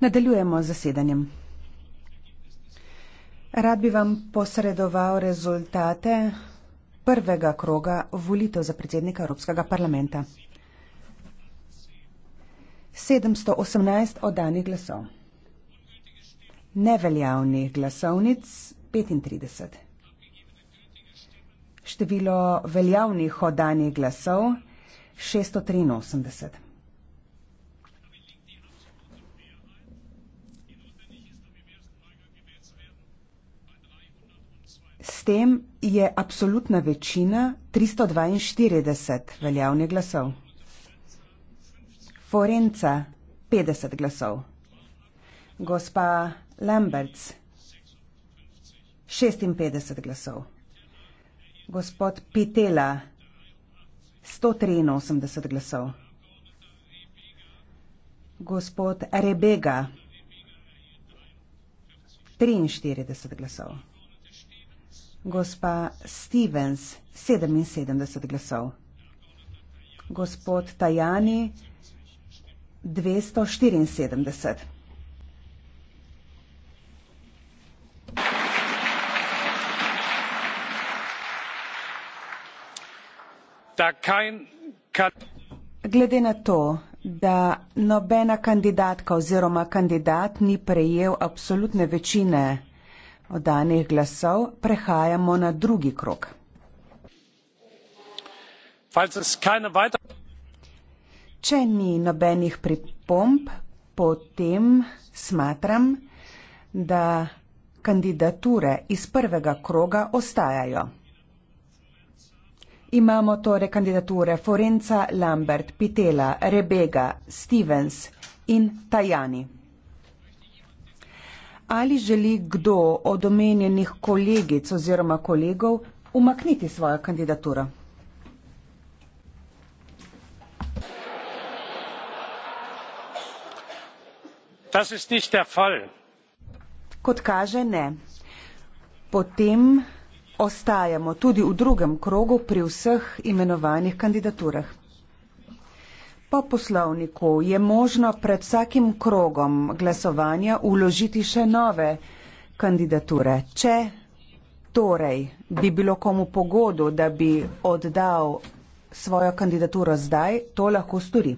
Nadaljujemo z zasedanjem. Rad bi vam posredoval rezultate prvega kroga volitev za predsednika Evropskega parlamenta. 718 oddanih glasov. Neveljavnih glasovnic 35. Število veljavnih oddanih glasov 683. tem je absolutna večina 342 veljavnih glasov. Forenca 50 glasov. Gospa Lamberts 56 glasov. Gospod Pitela 183 glasov. Gospod Rebega 43 glasov. Gospa Stevens, 77 glasov. Gospod Tajani, 274. Glede na to, da nobena kandidatka oziroma kandidat ni prejel absolutne večine oddanih glasov prehajamo na drugi krog. Če ni nobenih pripomb, potem smatram, da kandidature iz prvega kroga ostajajo. Imamo torej kandidature Forenca, Lambert, Pitela, Rebega, Stevens in Tajani ali želi kdo od omenjenih kolegic oziroma kolegov umakniti svojo kandidaturo? Kot kaže, ne. Potem ostajamo tudi v drugem krogu pri vseh imenovanih kandidaturah. Po poslovniku je možno pred vsakim krogom glasovanja uložiti še nove kandidature. Če torej bi bilo komu pogodu, da bi oddal svojo kandidaturo zdaj, to lahko stori.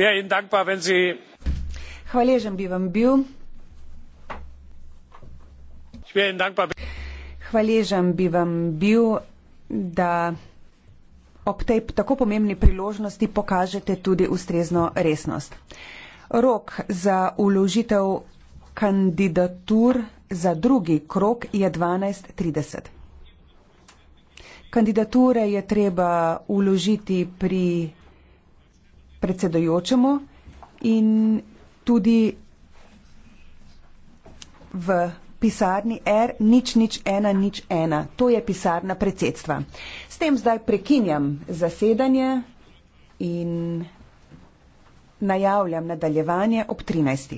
Ja, Hvaležen bi vam bil. Hvaležen bi vam bil, da ob tej tako pomembni priložnosti pokažete tudi ustrezno resnost. Rok za uložitev kandidatur za drugi krok je 12.30. Kandidature je treba uložiti pri predsedojočemu in tudi v pisarni R0010. To je pisarna predsedstva. S tem zdaj prekinjam zasedanje in najavljam nadaljevanje ob 13.